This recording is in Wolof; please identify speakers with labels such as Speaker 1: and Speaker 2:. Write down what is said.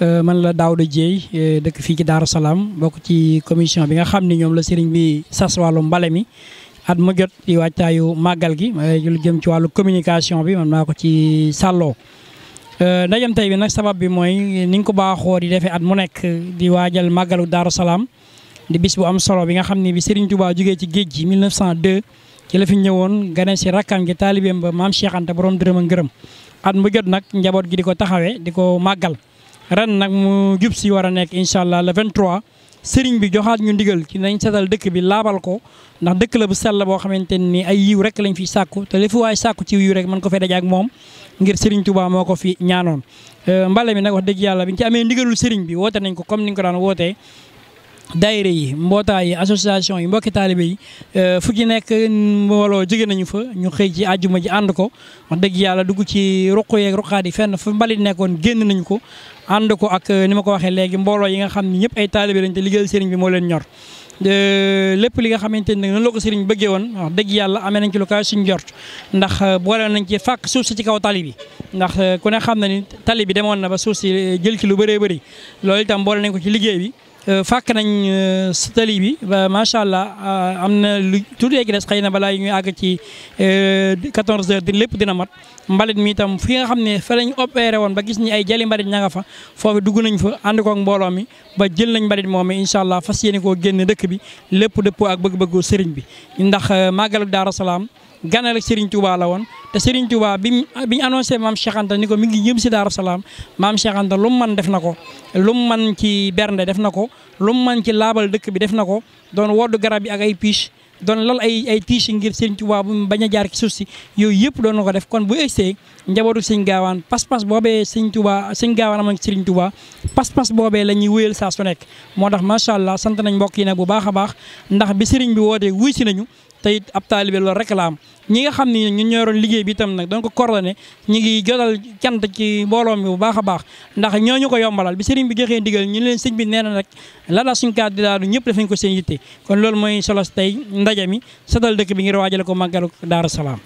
Speaker 1: Euh, man la Daouda Dieye euh, dëkk fii ci Daaru Salaam bokk ci commission bi nga xam ni ñoom la sëriñ bi sas wàllu mbale mi at mu jot di wàccaayu màggal gi lu jëm ci wàllu communication bi man naa ko ci sàlloo euh, ndajam tey bi nag sabab bi mooy ni nga ko baaxoo di defee at mu nekk di waajal màggalu Daaru Salaam di bu am solo bi nga xam ni bi Serigne Touba jógee ci géej gi 1902 ci la fi ñëwoon gane si rakkam gi taalibeem ba maam Cheikh Anta borom dërëm a ngërëm at mu jot nag njaboot gi di ko taxawee di ko màggal ren nag mu jub si war a nekk incha allah le 23 sëriñ bi joxaat ñu ndigal ci nañ setal dëkk bi laabal ko ndax dëkk la bu sell boo xamante ni ay yiw rek lañ fi sàkku te li fi waay sàkku ci yiw rek mën ko fee daje ak moom ngir sëriñ Touba moo ko fi ñaanoon. Euh, mbale mi nag wax dëgg yàlla bi ñu ci amee ndigalul sëriñ bi woote nañ ko comme ni ñu ko daan wootee. daayira yi mbootaay yi association yi mbokki taalibe yi euh, fu ci nekk mbooloo jóge nañu fa ñu xëy ci àjjuma ji ànd ko wax dëgg yàlla dugg ci ruq yeeg ruqaat yi fenn fu mbalit nekkoon génn nañu ko ànd ko ak euh, ni ma ko waxee léegi mbooloo yi nga xam ne ñëpp ay taalibe lañ te liggéeyal sëriñ bi moo leen ñor lépp li nga xamante ni noonu la ko sëriñ bëggee woon wax dëgg yàlla amee nañ ci lu kaay euh, nañ ci fàkk suuf si ci kaw tali bi ndax ku ne xam na ni tali bi demoon na ba suuf si jël ci lu bëree bëri loolu itam boole nañ ko ci liggéey bi Euh, fàkk nañ euh, si tali bi macha allah euh, am na lu tuuti léegi des xëy na yu ñuy àgg ci 14 heures di lépp dina mat mbalit mi itam fi nga xam ne fa lañ opéré woon ba gis ñi ay jali mbalit ña nga fa foofu dugg nañ fa ànd koog mbooloo mi ba jël nañ mbalit moom mi incha allah fas yéene koo génne dëkk bi lépp dëppoo ak bëgg-bëggu sëriñ bi ndax màggalu Daaru Salaam ganal ak Serigne la woon te Serigne Touba bi biñu annoncé maam Cheikh ni ko mi ngi jëm si Daaru Salaam maam Cheikh Anta lu mu mën def na ko lu mu mën ci bernde def na ko lu mu mën ci laabal dëkk bi def na ko doon woddu garab yi ak ay piche doon lal ay ay tiis ngir Serigne Touba bu bañ a jaar ci suuf si yooyu yëpp doon na ko def kon bu egsee njabootu Serigne Gaawaan pas-pas boobee Serigne Touba Serigne Gaawaan amoon Serigne Touba pas-pas boobee la ñuy wéyal saa s nekk moo tax macha allah sant nañ mbokk yi nag bu baax a baax ndax bi Serigne bi wootee wuy si nañu tey ab taalibe loolu rek la am ñi nga xam ne ñun ñoo yoroon liggéey bi itam nag dañ ko coordonné ñu ngi jotal cant ci mbooloo mi bu baax a baax ndax ñooñu ko yombalal bi sëriñ bi joxee ndigal ñu leen sëñ bi nee na rek la daa suñ kaat di daanu ñëpp defañ ko seen yitte kon loolu mooy solos tey ndaje mi setal dëkk bi ngir waajale ko màggalu Daaru Salaam